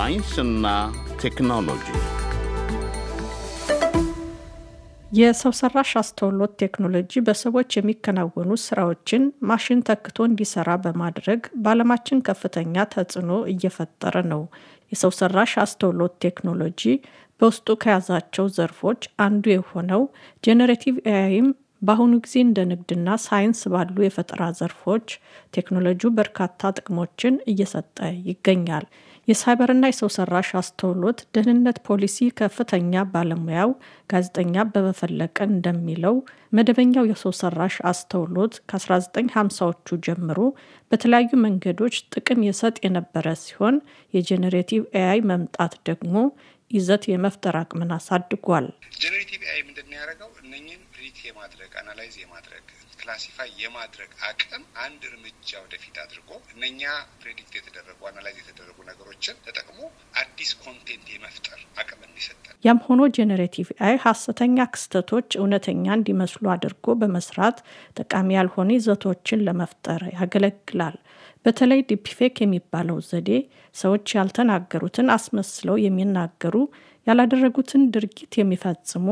ሳይንስና ቴክኖሎጂ uh, የሰው ሰራሽ አስተውሎት ቴክኖሎጂ በሰዎች የሚከናወኑ ስራዎችን ማሽን ተክቶ እንዲሰራ በማድረግ በዓለማችን ከፍተኛ ተጽዕኖ እየፈጠረ ነው። የሰው ሰራሽ አስተውሎት ቴክኖሎጂ በውስጡ ከያዛቸው ዘርፎች አንዱ የሆነው ጄኔሬቲቭ ኤአይም በአሁኑ ጊዜ እንደ ንግድና ሳይንስ ባሉ የፈጠራ ዘርፎች ቴክኖሎጂው በርካታ ጥቅሞችን እየሰጠ ይገኛል። የሳይበርና የሰው ሰራሽ አስተውሎት ደህንነት ፖሊሲ ከፍተኛ ባለሙያው ጋዜጠኛ አበበ እንደሚለው መደበኛው የሰው ሰራሽ አስተውሎት ከ1950ዎቹ ጀምሮ በተለያዩ መንገዶች ጥቅም የሰጥ የነበረ ሲሆን የጄኔሬቲቭ ኤአይ መምጣት ደግሞ ይዘት የመፍጠር አቅምን አሳድጓል። ጄኔሬቲቭ ኤአይ ምንድን ነው ያደረገው? የማድረግ አናላይዝ የማድረግ ክላሲፋይ የማድረግ አቅም አንድ እርምጃ ወደፊት አድርጎ እነኛ ፕሬዲክት የተደረጉ አናላይዝ የተደረጉ ነገሮችን ተጠቅሞ አዲስ ኮንቴንት የመፍጠር አቅም እንዲሰጠን። ያም ሆኖ ጄኔሬቲቭ አይ ሀሰተኛ ክስተቶች እውነተኛ እንዲመስሉ አድርጎ በመስራት ጠቃሚ ያልሆነ ይዘቶችን ለመፍጠር ያገለግላል። በተለይ ዲፕፌክ የሚባለው ዘዴ ሰዎች ያልተናገሩትን አስመስለው የሚናገሩ ያላደረጉትን ድርጊት የሚፈጽሙ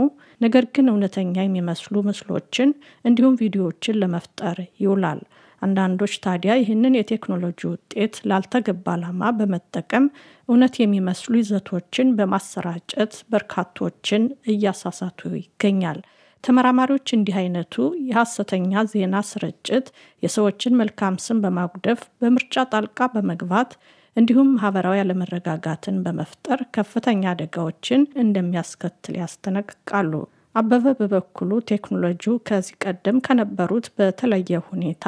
ነገር ግን እውነተኛ የሚመስሉ ምስሎችን እንዲሁም ቪዲዮዎችን ለመፍጠር ይውላል። አንዳንዶች ታዲያ ይህንን የቴክኖሎጂ ውጤት ላልተገባ ዓላማ በመጠቀም እውነት የሚመስሉ ይዘቶችን በማሰራጨት በርካቶችን እያሳሳቱ ይገኛል። ተመራማሪዎች እንዲህ አይነቱ የሐሰተኛ ዜና ስርጭት የሰዎችን መልካም ስም በማጉደፍ በምርጫ ጣልቃ በመግባት እንዲሁም ማህበራዊ አለመረጋጋትን በመፍጠር ከፍተኛ አደጋዎችን እንደሚያስከትል ያስጠነቅቃሉ። አበበ በበኩሉ ቴክኖሎጂው ከዚህ ቀደም ከነበሩት በተለየ ሁኔታ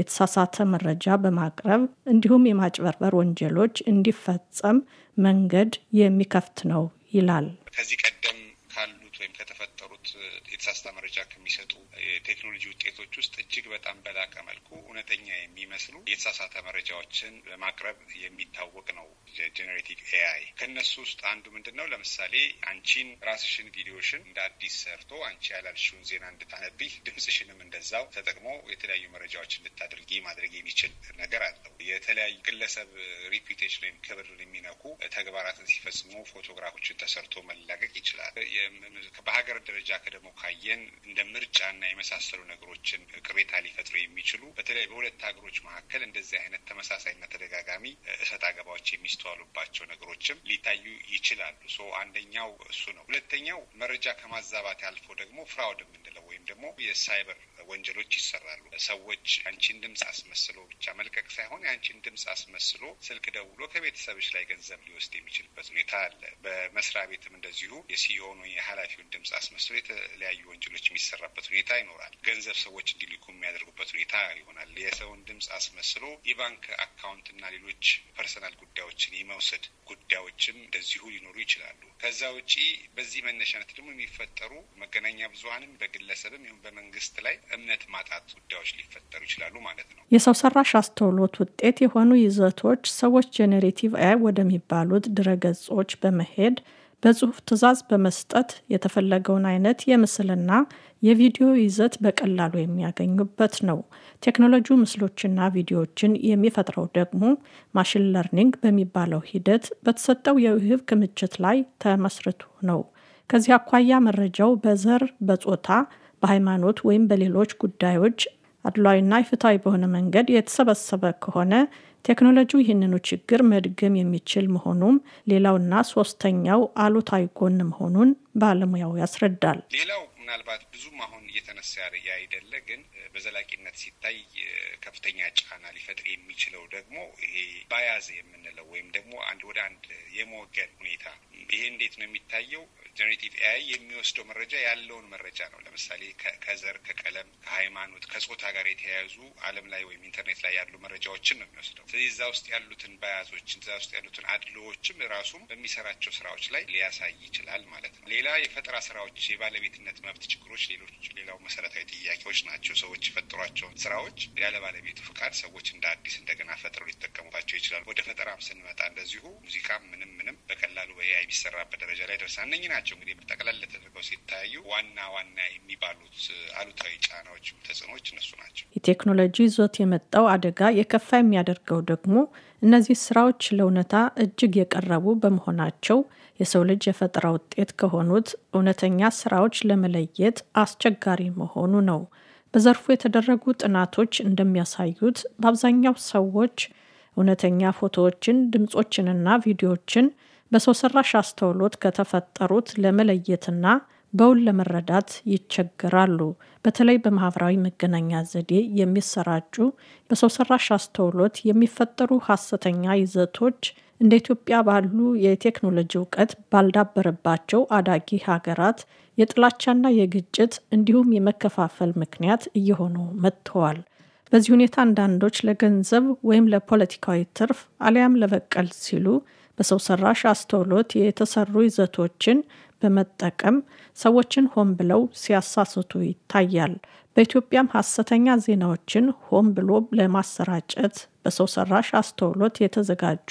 የተሳሳተ መረጃ በማቅረብ እንዲሁም የማጭበርበር ወንጀሎች እንዲፈጸም መንገድ የሚከፍት ነው ይላል። ከዚህ ቀደም ካሉት ወይም ከተፈጠሩ የተሳሳተ መረጃ ከሚሰጡ የቴክኖሎጂ ውጤቶች ውስጥ እጅግ በጣም በላቀ መልኩ እውነተኛ የሚመስሉ የተሳሳተ መረጃዎችን በማቅረብ የሚታወቅ ነው ጀኔሬቲቭ ኤአይ። ከነሱ ውስጥ አንዱ ምንድን ነው? ለምሳሌ አንቺን ራስሽን ቪዲዮሽን እንደ አዲስ ሰርቶ አንቺ ያላልሽውን ዜና እንድታነቢ፣ ድምጽሽንም እንደዛው ተጠቅሞ የተለያዩ መረጃዎች እንድታደርጊ ማድረግ የሚችል ነገር አለው። የተለያዩ ግለሰብ ሪፒቴሽን ወይም ክብርን የሚነኩ ተግባራትን ሲፈጽሙ ፎቶግራፎችን ተሰርቶ መላቀቅ ይችላል። በሀገር ደረጃ ደግሞ ካየን እንደ ምርጫና የመሳሰሉ ነገሮችን ቅሬታ ሊፈጥሩ የሚችሉ በተለይ በሁለት ሀገሮች መካከል እንደዚህ አይነት ተመሳሳይና ተደጋጋሚ እሰጥ አገባዎች የሚስተዋሉባቸው ነገሮችም ሊታዩ ይችላሉ። ሶ አንደኛው እሱ ነው። ሁለተኛው መረጃ ከማዛባት ያልፈው ደግሞ ፍራውድ የምንለው ደግሞ የሳይበር ወንጀሎች ይሰራሉ። ሰዎች አንቺን ድምፅ አስመስሎ ብቻ መልቀቅ ሳይሆን የአንቺን ድምፅ አስመስሎ ስልክ ደውሎ ከቤተሰብሽ ላይ ገንዘብ ሊወስድ የሚችልበት ሁኔታ አለ። በመስሪያ ቤትም እንደዚሁ የሲኦኑ የኃላፊውን ድምፅ አስመስሎ የተለያዩ ወንጀሎች የሚሰራበት ሁኔታ ይኖራል። ገንዘብ ሰዎች እንዲልኩ የሚያደርጉበት ሁኔታ ይሆናል። የሰውን ድምፅ አስመስሎ የባንክ አካውንትና ሌሎች ፐርሰናል ጉዳዮችን የመውሰድ ጉዳዮችም እንደዚሁ ሊኖሩ ይችላሉ። ከዛ ውጪ በዚህ መነሻነት ደግሞ የሚፈጠሩ መገናኛ ብዙኃንም በግለሰብ በግለሰብም ይሁን በመንግስት ላይ እምነት ማጣት ጉዳዮች ሊፈጠሩ ይችላሉ ማለት ነው። የሰው ሰራሽ አስተውሎት ውጤት የሆኑ ይዘቶች ሰዎች ጄኔሬቲቭ አይ ወደሚባሉት ድረገጾች በመሄድ በጽሁፍ ትዕዛዝ በመስጠት የተፈለገውን አይነት የምስልና የቪዲዮ ይዘት በቀላሉ የሚያገኙበት ነው። ቴክኖሎጂው ምስሎችና ቪዲዮዎችን የሚፈጥረው ደግሞ ማሽን ለርኒንግ በሚባለው ሂደት በተሰጠው የውህብ ክምችት ላይ ተመስርቶ ነው። ከዚህ አኳያ መረጃው በዘር፣ በጾታ በሃይማኖት ወይም በሌሎች ጉዳዮች አድሏዊና ፍትሐዊ በሆነ መንገድ የተሰበሰበ ከሆነ ቴክኖሎጂው ይህንኑ ችግር መድገም የሚችል መሆኑም ሌላውና ሶስተኛው አሉታዊ ጎን መሆኑን ባለሙያው ያስረዳል። ሌላው ምናልባት ብዙም አሁን እየተነሳ ያለ አይደለ፣ ግን በዘላቂነት ሲታይ ከፍተኛ ጫና ሊፈጥር የሚችለው ደግሞ ይሄ ባያዝ የምንለው ወይም ደግሞ አንድ ወደ አንድ የመወገድ ሁኔታ ይሄ እንዴት ነው የሚታየው? ጀኔሬቲቭ ኤአይ የሚወስደው መረጃ ያለውን መረጃ ነው። ለምሳሌ ከዘር፣ ከቀለም፣ ከሃይማኖት፣ ከጾታ ጋር የተያያዙ ዓለም ላይ ወይም ኢንተርኔት ላይ ያሉ መረጃዎችን ነው የሚወስደው። ስለዚህ እዛ ውስጥ ያሉትን ባያዞች፣ እዛ ውስጥ ያሉትን አድሎዎችም ራሱም በሚሰራቸው ስራዎች ላይ ሊያሳይ ይችላል ማለት ነው። ሌላ የፈጠራ ስራዎች የባለቤትነት መብት የሀብት ችግሮች፣ ሌሎች ሌላው መሰረታዊ ጥያቄዎች ናቸው። ሰዎች የፈጠሯቸውን ስራዎች ያለ ባለቤቱ ፍቃድ ሰዎች እንደ አዲስ እንደገና ፈጥረው ሊጠቀሙባቸው ይችላሉ። ወደ ፈጠራም ስንመጣ እንደዚሁ ሙዚቃም ምንም ምንም በቀላሉ በኤአይ የሚሰራበት ደረጃ ላይ ደርሰናል። እነኚህ ናቸው እንግዲህ ጠቅለል ተደርገው ሲታዩ ዋና ዋና የሚባሉት አሉታዊ ጫናዎች፣ ተጽዕኖዎች እነሱ ናቸው። የቴክኖሎጂ ይዞት የመጣው አደጋ የከፋ የሚያደርገው ደግሞ እነዚህ ስራዎች ለእውነታ እጅግ የቀረቡ በመሆናቸው የሰው ልጅ የፈጠራ ውጤት ከሆኑት እውነተኛ ስራዎች ለመለየት አስቸጋሪ መሆኑ ነው። በዘርፉ የተደረጉ ጥናቶች እንደሚያሳዩት በአብዛኛው ሰዎች እውነተኛ ፎቶዎችን ድምፆችንና ቪዲዮዎችን በሰው ሰራሽ አስተውሎት ከተፈጠሩት ለመለየትና በውል ለመረዳት ይቸገራሉ። በተለይ በማህበራዊ መገናኛ ዘዴ የሚሰራጩ በሰው ሰራሽ አስተውሎት የሚፈጠሩ ሀሰተኛ ይዘቶች እንደ ኢትዮጵያ ባሉ የቴክኖሎጂ እውቀት ባልዳበረባቸው አዳጊ ሀገራት የጥላቻና የግጭት እንዲሁም የመከፋፈል ምክንያት እየሆኑ መጥተዋል። በዚህ ሁኔታ አንዳንዶች ለገንዘብ ወይም ለፖለቲካዊ ትርፍ አሊያም ለበቀል ሲሉ በሰው ሰራሽ አስተውሎት የተሰሩ ይዘቶችን በመጠቀም ሰዎችን ሆን ብለው ሲያሳስቱ ይታያል። በኢትዮጵያም ሐሰተኛ ዜናዎችን ሆን ብሎ ለማሰራጨት በሰው ሰራሽ አስተውሎት የተዘጋጁ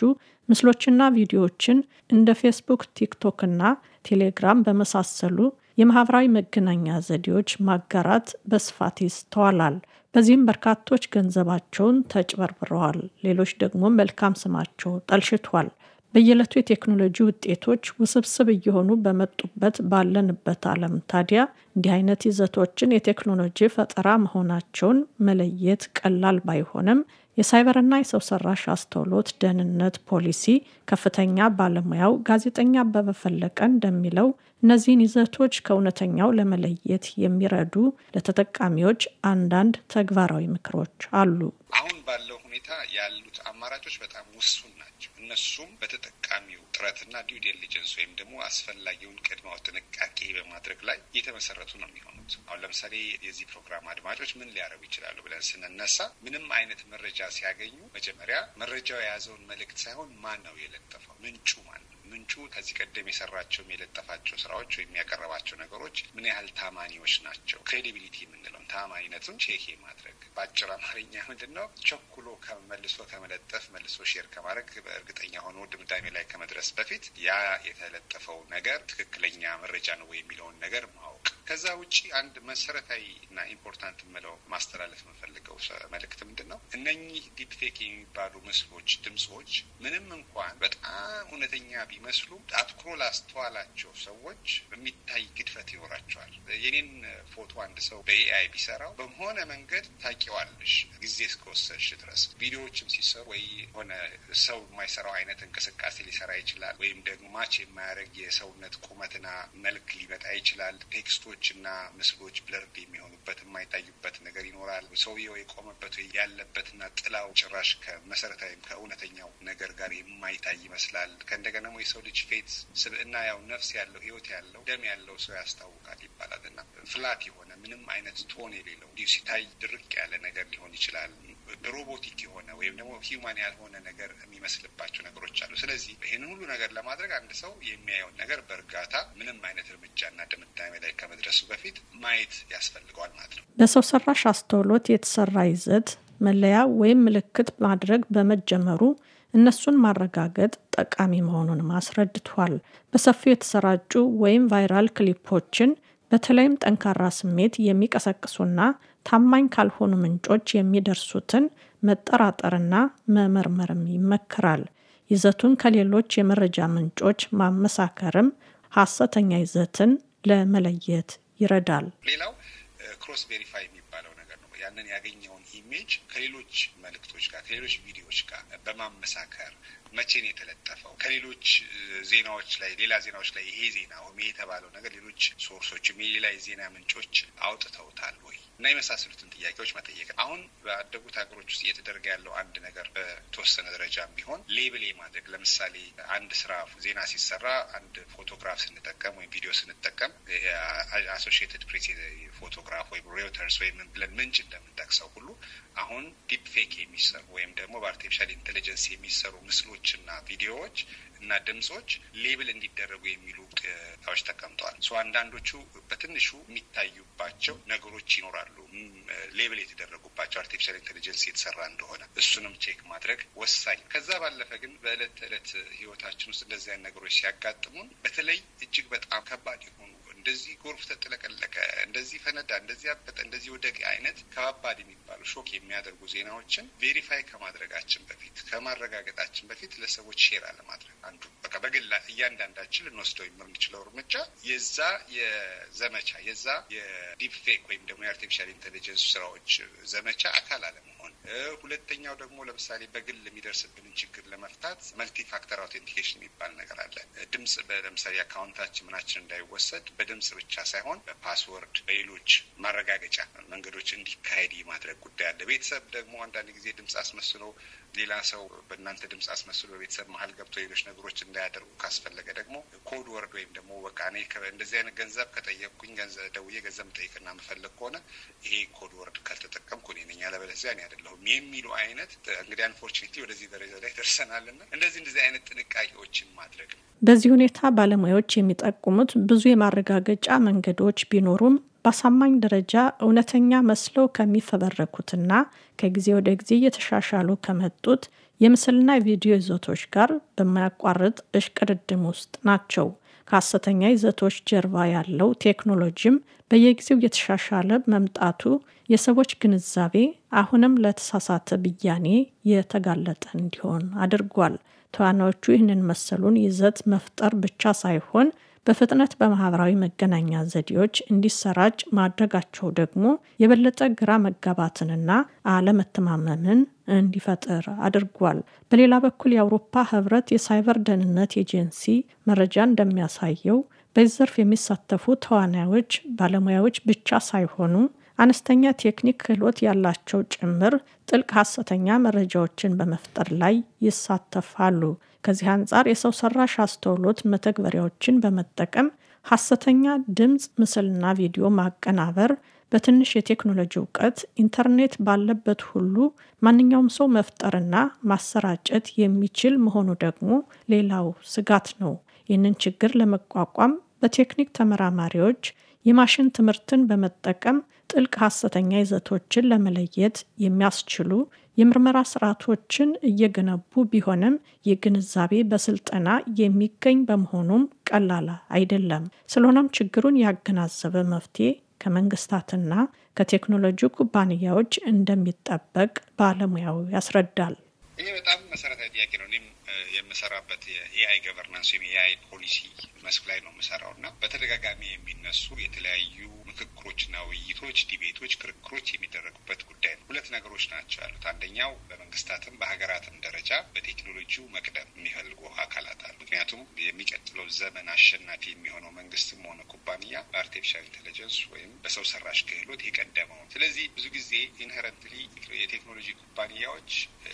ምስሎችና ቪዲዮዎችን እንደ ፌስቡክ፣ ቲክቶክና ቴሌግራም በመሳሰሉ የማህበራዊ መገናኛ ዘዴዎች ማጋራት በስፋት ይስተዋላል። በዚህም በርካቶች ገንዘባቸውን ተጭበርብረዋል፣ ሌሎች ደግሞ መልካም ስማቸው ጠልሽቷል። በየዕለቱ የቴክኖሎጂ ውጤቶች ውስብስብ እየሆኑ በመጡበት ባለንበት ዓለም ታዲያ እንዲህ አይነት ይዘቶችን የቴክኖሎጂ ፈጠራ መሆናቸውን መለየት ቀላል ባይሆንም የሳይበርና የሰው ሰራሽ አስተውሎት ደህንነት ፖሊሲ ከፍተኛ ባለሙያው ጋዜጠኛ አበበ ፈለቀ እንደሚለው እነዚህን ይዘቶች ከእውነተኛው ለመለየት የሚረዱ ለተጠቃሚዎች አንዳንድ ተግባራዊ ምክሮች አሉ። አሁን ባለው ሁኔታ ያሉት አማራጮች በጣም ውሱን ናቸው። እነሱም በተጠቃሚው ጥረትና ዲው ዲሊጀንስ ወይም ደግሞ አስፈላጊውን ቅድማው ጥንቃቄ በማድረግ ላይ የተመሰረቱ ነው የሚሆኑት። አሁን ለምሳሌ የዚህ ፕሮግራም አድማጮች ምን ሊያረጉ ይችላሉ ብለን ስንነሳ ምንም አይነት መረጃ ሲያገኙ መጀመሪያ መረጃው የያዘውን መልእክት ሳይሆን ማን ነው የለጠፈው፣ ምንጩ ማን ምንጩ ከዚህ ቀደም የሰራቸው የለጠፋቸው ስራዎች ወይም ያቀረባቸው ነገሮች ምን ያህል ታማኒዎች ናቸው። ክሬዲቢሊቲ የምንለውን ታማኒነቱን ቼክ ማድረግ በአጭር አማርኛ ምንድን ነው? ቸኩሎ መልሶ ከመለጠፍ መልሶ ሼር ከማድረግ በእርግጠኛ ሆኖ ድምዳሜ ላይ ከመድረስ በፊት ያ የተለጠፈው ነገር ትክክለኛ መረጃ ነው የሚለውን ነገር ማወቅ ከዛ ውጭ አንድ መሰረታዊ እና ኢምፖርታንት የምለው ማስተላለፍ የምፈልገው መልእክት ምንድን ነው? እነኚህ ዲፕፌክ የሚባሉ ምስሎች፣ ድምፆች ምንም እንኳን በጣም እውነተኛ ቢመስሉ አትኩሮ ላስተዋላቸው ሰዎች የሚታይ ግድፈት ይኖራቸዋል። የኔን ፎቶ አንድ ሰው በኤአይ ቢሰራው በሆነ መንገድ ታቂዋለሽ ጊዜ እስከወሰድሽ ድረስ። ቪዲዮዎችም ሲሰሩ ወይ ሆነ ሰው የማይሰራው አይነት እንቅስቃሴ ሊሰራ ይችላል፣ ወይም ደግሞ ማች የማያደርግ የሰውነት ቁመትና መልክ ሊመጣ ይችላል። ቴክስቶ ፎቶዎችና ምስሎች ብለርድ የሚሆኑበት የማይታዩበት ነገር ይኖራል። ሰውየው የቆመበት ያለበትና ጥላው ጭራሽ ከመሰረታዊም ከእውነተኛው ነገር ጋር የማይታይ ይመስላል። ከእንደገና ደግሞ የሰው ልጅ ፌት ስብዕና፣ ያው ነፍስ ያለው ህይወት ያለው ደም ያለው ሰው ያስታውቃል ይባላል እና ፍላት የሆነ ምንም አይነት ቶን የሌለው እንዲሁ ሲታይ ድርቅ ያለ ነገር ሊሆን ይችላል። ሮቦቲክ የሆነ ወይም ደግሞ ሂውማን ያልሆነ ነገር የሚመስልባቸው ነገሮች አሉ። ስለዚህ ይህንን ሁሉ ነገር ለማድረግ አንድ ሰው የሚያየውን ነገር በእርጋታ ምንም አይነት እርምጃና ድምዳሜ ላይ ከመድረሱ በፊት ማየት ያስፈልገዋል ማለት ነው። ለሰው ሰራሽ አስተውሎት የተሰራ ይዘት መለያ ወይም ምልክት ማድረግ በመጀመሩ እነሱን ማረጋገጥ ጠቃሚ መሆኑንም አስረድቷል። በሰፊው የተሰራጩ ወይም ቫይራል ክሊፖችን በተለይም ጠንካራ ስሜት የሚቀሰቅሱና ታማኝ ካልሆኑ ምንጮች የሚደርሱትን መጠራጠርና መመርመርም ይመከራል። ይዘቱን ከሌሎች የመረጃ ምንጮች ማመሳከርም ሀሰተኛ ይዘትን ለመለየት ይረዳል። ሌላው ክሮስ ቬሪፋይ የሚባለው ነገር ነው። ያንን ያገኘውን ኢሜጅ ከሌሎች መልእክቶች ጋር ከሌሎች ቪዲዮዎች ጋር በማመሳከር መቼ ነው የተለጠፈው? ከሌሎች ዜናዎች ላይ ሌላ ዜናዎች ላይ ይሄ ዜና ወይም የተባለው ነገር ሌሎች ሶርሶችም የሌላ የዜና ምንጮች አውጥተውታል ወይ እና የመሳሰሉትን ጥያቄዎች መጠየቅ። አሁን በአደጉት ሀገሮች ውስጥ እየተደረገ ያለው አንድ ነገር በተወሰነ ደረጃም ቢሆን ሌብል ማድረግ፣ ለምሳሌ አንድ ስራ ዜና ሲሰራ አንድ ፎቶግራፍ ስንጠቀም ወይም ቪዲዮ ስንጠቀም አሶሽትድ ፕሬስ ፎቶግራፍ ወይም ሬውተርስ ወይም ብለን ምንጭ እንደምንጠቅሰው ሁሉ አሁን ዲፕፌክ የሚሰሩ ወይም ደግሞ በአርቲፊሻል ኢንቴሊጀንስ የሚሰሩ ምስሎች ፎቶዎችና ቪዲዮዎች እና ድምጾች ሌብል እንዲደረጉ የሚሉ ዎች ተቀምጠዋል። አንዳንዶቹ በትንሹ የሚታዩባቸው ነገሮች ይኖራሉ፣ ሌብል የተደረጉባቸው አርቲፊሻል ኢንቴሊጀንስ የተሰራ እንደሆነ እሱንም ቼክ ማድረግ ወሳኝ። ከዛ ባለፈ ግን በእለት ተዕለት ህይወታችን ውስጥ እንደዚያን ነገሮች ሲያጋጥሙን በተለይ እጅግ በጣም ከባድ የሆኑ እንደዚህ ጎርፍ ተጥለቀለቀ፣ እንደዚህ ፈነዳ፣ እንደዚህ አበጠ፣ እንደዚህ ወደቅ አይነት ከባባድ የሚባሉ ሾክ የሚያደርጉ ዜናዎችን ቬሪፋይ ከማድረጋችን በፊት ከማረጋገጣችን በፊት ለሰዎች ሼር አለማድረግ አንዱ በቃ በግላ እያንዳንዳችን ልንወስደው የምንችለው እርምጃ የዛ የዘመቻ የዛ የዲፕፌክ ወይም ደግሞ የአርቲፊሻል ኢንቴሊጀንስ ስራዎች ዘመቻ አካል አለመሆን አሁን። ሁለተኛው ደግሞ ለምሳሌ በግል የሚደርስብንን ችግር ለመፍታት መልቲ ፋክተር አውቴንቲኬሽን የሚባል ነገር አለ። ድምጽ ለምሳሌ አካውንታችን ምናችን እንዳይወሰድ በድምጽ ብቻ ሳይሆን በፓስወርድ በሌሎች ማረጋገጫ መንገዶች እንዲካሄድ የማድረግ ጉዳይ አለ። ቤተሰብ ደግሞ አንዳንድ ጊዜ ድምጽ አስመስሎ ሌላ ሰው በእናንተ ድምፅ አስመስሎ በቤተሰብ መሀል ገብቶ ሌሎች ነገሮች እንዳያደርጉ ካስፈለገ ደግሞ ኮድ ወርድ ወይም ደግሞ በቃ እኔ እንደዚህ አይነት ገንዘብ ከጠየቅኩኝ ደውዬ ገንዘብ ጠይቅና መፈለግ ከሆነ ይሄ ኮድ ወርድ ካልተጠቀምኩ እኔ ነኝ አለበለዚያ እኔ አይደለሁም የሚሉ አይነት እንግዲህ አንፎርችኔት ወደዚህ ደረጃ ላይ ደርሰናልና እንደዚህ እንደዚህ አይነት ጥንቃቄዎችን ማድረግ ነው። በዚህ ሁኔታ ባለሙያዎች የሚጠቁሙት ብዙ የማረጋገጫ መንገዶች ቢኖሩም በአሳማኝ ደረጃ እውነተኛ መስለው ከሚፈበረኩትና ከጊዜ ወደ ጊዜ እየተሻሻሉ ከመጡት የምስልና የቪዲዮ ይዘቶች ጋር በማያቋርጥ እሽቅድድም ውስጥ ናቸው። ከሐሰተኛ ይዘቶች ጀርባ ያለው ቴክኖሎጂም በየጊዜው እየተሻሻለ መምጣቱ የሰዎች ግንዛቤ አሁንም ለተሳሳተ ብያኔ የተጋለጠ እንዲሆን አድርጓል። ተዋናዮቹ ይህንን መሰሉን ይዘት መፍጠር ብቻ ሳይሆን በፍጥነት በማህበራዊ መገናኛ ዘዴዎች እንዲሰራጭ ማድረጋቸው ደግሞ የበለጠ ግራ መጋባትንና አለመተማመንን እንዲፈጥር አድርጓል። በሌላ በኩል የአውሮፓ ህብረት የሳይበር ደህንነት ኤጀንሲ መረጃ እንደሚያሳየው በዚህ ዘርፍ የሚሳተፉ ተዋናዮች፣ ባለሙያዎች ብቻ ሳይሆኑ አነስተኛ ቴክኒክ ክህሎት ያላቸው ጭምር ጥልቅ ሀሰተኛ መረጃዎችን በመፍጠር ላይ ይሳተፋሉ። ከዚህ አንጻር የሰው ሰራሽ አስተውሎት መተግበሪያዎችን በመጠቀም ሀሰተኛ ድምፅ፣ ምስልና ቪዲዮ ማቀናበር በትንሽ የቴክኖሎጂ እውቀት ኢንተርኔት ባለበት ሁሉ ማንኛውም ሰው መፍጠርና ማሰራጨት የሚችል መሆኑ ደግሞ ሌላው ስጋት ነው። ይህንን ችግር ለመቋቋም በቴክኒክ ተመራማሪዎች የማሽን ትምህርትን በመጠቀም ጥልቅ ሐሰተኛ ይዘቶችን ለመለየት የሚያስችሉ የምርመራ ስርዓቶችን እየገነቡ ቢሆንም የግንዛቤ በስልጠና የሚገኝ በመሆኑም ቀላል አይደለም። ስለሆነም ችግሩን ያገናዘበ መፍትሄ ከመንግስታትና ከቴክኖሎጂ ኩባንያዎች እንደሚጠበቅ ባለሙያው ያስረዳል። ይህ በጣም መሰረታዊ ጥያቄ ነው። እኔም የምሰራበት የኤአይ ገቨርናንስ ወይም የኤአይ ፖሊሲ መስክ ላይ ነው የምሰራው እና በተደጋጋሚ የሚነሱ የተለያዩ ምክክሮችና ውይይቶች፣ ዲቤቶች፣ ክርክሮች የሚደረጉበት ጉዳይ ነው። ሁለት ነገሮች ናቸው ያሉት። አንደኛው በመንግስታትም በሀገራትም ደረጃ በቴክኖሎጂው መቅደም የሚፈልጉ አካላት አሉ። ምክንያቱም የሚቀጥለው ዘመን አሸናፊ የሚሆነው መንግስትም ሆነ ኩባንያ በአርቲፊሻል ኢንቴሊጀንስ ወይም በሰው ሰራሽ ክህሎት የቀደመው። ስለዚህ ብዙ ጊዜ ኢንሄረንትሊ የቴክኖሎጂ ኩባንያዎች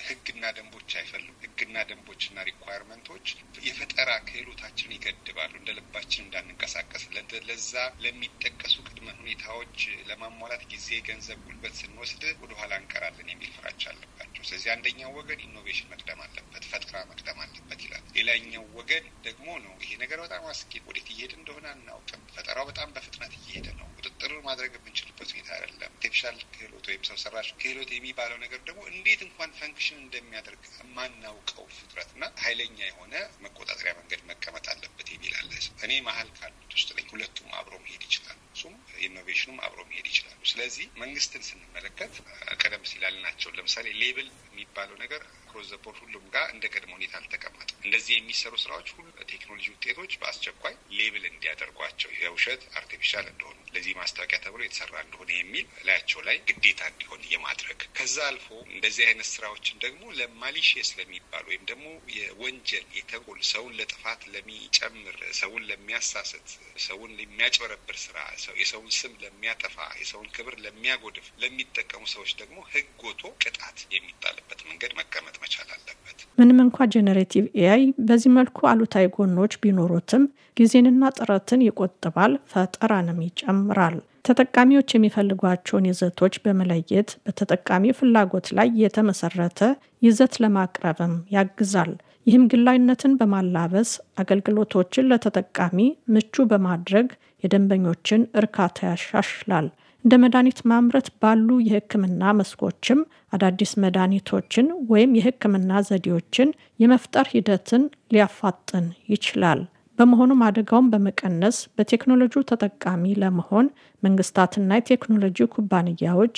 ህግና ደንቦች አይፈልጉም። ህግና ደንቦችና ሪኳየርመንቶች የፈጠራ ክህሎታችን ይገድባሉ። እንደ ልባችን እንዳንንቀሳቀስ ለዛ ለሚጠቀሱ ቅድመ ሁኔታዎች ለማሟላት ጊዜ፣ ገንዘብ፣ ጉልበት ስንወስድ ወደኋላ እንቀራለን የሚል ፍራቻ አለባቸው። ስለዚህ አንደኛው ወገን ኢኖቬሽን መቅደም አለበት፣ ፈጠራ መቅደም አለበት ይላል። ሌላኛው ወገን ደግሞ ነው ይሄ ነገር በጣም አስጊ፣ ወዴት እየሄድ እንደሆነ አናውቅም፣ ፈጠራው በጣም በፍጥነት እየሄደ ነው ኦብዘርቭ ማድረግ የምንችልበት ሁኔታ አይደለም። አርቲፊሻል ክህሎት ወይም ሰው ሰራሽ ክህሎት የሚባለው ነገር ደግሞ እንዴት እንኳን ፈንክሽን እንደሚያደርግ የማናውቀው ፍጥረት እና ኃይለኛ የሆነ መቆጣጠሪያ መንገድ መቀመጥ አለበት የሚላለ እኔ መሀል ካሉት ውስጥ ላይ ሁለቱም አብሮ መሄድ ይችላል። እሱም ኢኖቬሽኑም አብሮ መሄድ ይችላሉ። ስለዚህ መንግስትን ስንመለከት ቀደም ሲል ያልናቸው ለምሳሌ ሌብል የሚባለው ነገር ክሮስ ዘ ቦርድ ሁሉም ጋር እንደ ቀድሞ ሁኔታ አልተቀመጠ እንደዚህ የሚሰሩ ስራዎች ሁሉ ቴክኖሎጂ ውጤቶች በአስቸኳይ ሌብል እንዲያደርጓቸው ይሄ ውሸት አርቲፊሻል እንደሆኑ ለዚህ ማስታወቂያ ተብሎ የተሰራ እንደሆነ የሚል ላያቸው ላይ ግዴታ እንዲሆን የማድረግ ከዛ አልፎ እንደዚህ አይነት ስራዎችን ደግሞ ለማሊሽየስ ለሚባል ወይም ደግሞ የወንጀል የተጎል ሰውን ለጥፋት ለሚጨምር ሰውን ለሚያሳስት ሰውን ለሚያጭበረብር ስራ የሰውን ስም ለሚያጠፋ የሰውን ክብር ለሚያጎድፍ ለሚጠቀሙ ሰዎች ደግሞ ህግ ወጥቶ ቅጣት የሚጣልበት መንገድ መቀመጥ መቻል አለበት። ምንም እንኳ ጀነሬቲቭ ኤ ጉዳይ በዚህ መልኩ አሉታዊ ጎኖች ቢኖሩትም ጊዜንና ጥረትን ይቆጥባል፣ ፈጠራንም ይጨምራል። ተጠቃሚዎች የሚፈልጓቸውን ይዘቶች በመለየት በተጠቃሚ ፍላጎት ላይ የተመሰረተ ይዘት ለማቅረብም ያግዛል። ይህም ግላዊነትን በማላበስ አገልግሎቶችን ለተጠቃሚ ምቹ በማድረግ የደንበኞችን እርካታ ያሻሽላል። እንደ መድኃኒት ማምረት ባሉ የሕክምና መስኮችም አዳዲስ መድኃኒቶችን ወይም የሕክምና ዘዴዎችን የመፍጠር ሂደትን ሊያፋጥን ይችላል። በመሆኑም አደጋውን በመቀነስ በቴክኖሎጂ ተጠቃሚ ለመሆን መንግስታትና የቴክኖሎጂ ኩባንያዎች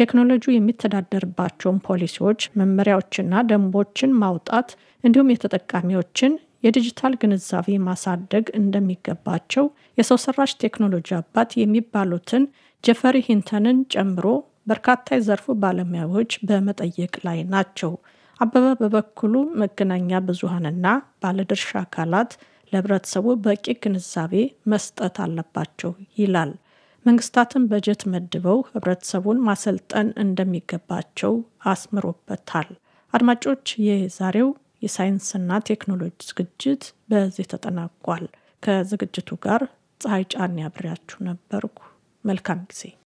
ቴክኖሎጂ የሚተዳደርባቸውን ፖሊሲዎች፣ መመሪያዎችና ደንቦችን ማውጣት እንዲሁም የተጠቃሚዎችን የዲጂታል ግንዛቤ ማሳደግ እንደሚገባቸው የሰው ሰራሽ ቴክኖሎጂ አባት የሚባሉትን ጀፈሪ ሂንተንን ጨምሮ በርካታ የዘርፉ ባለሙያዎች በመጠየቅ ላይ ናቸው። አበበ በበኩሉ መገናኛ ብዙሃንና ባለድርሻ አካላት ለህብረተሰቡ በቂ ግንዛቤ መስጠት አለባቸው ይላል። መንግስታትን በጀት መድበው ህብረተሰቡን ማሰልጠን እንደሚገባቸው አስምሮበታል። አድማጮች፣ የዛሬው የሳይንስና ቴክኖሎጂ ዝግጅት በዚህ ተጠናቋል። ከዝግጅቱ ጋር ፀሐይ ጫን ያብሬያችሁ ነበርኩ። መልካም ጊዜ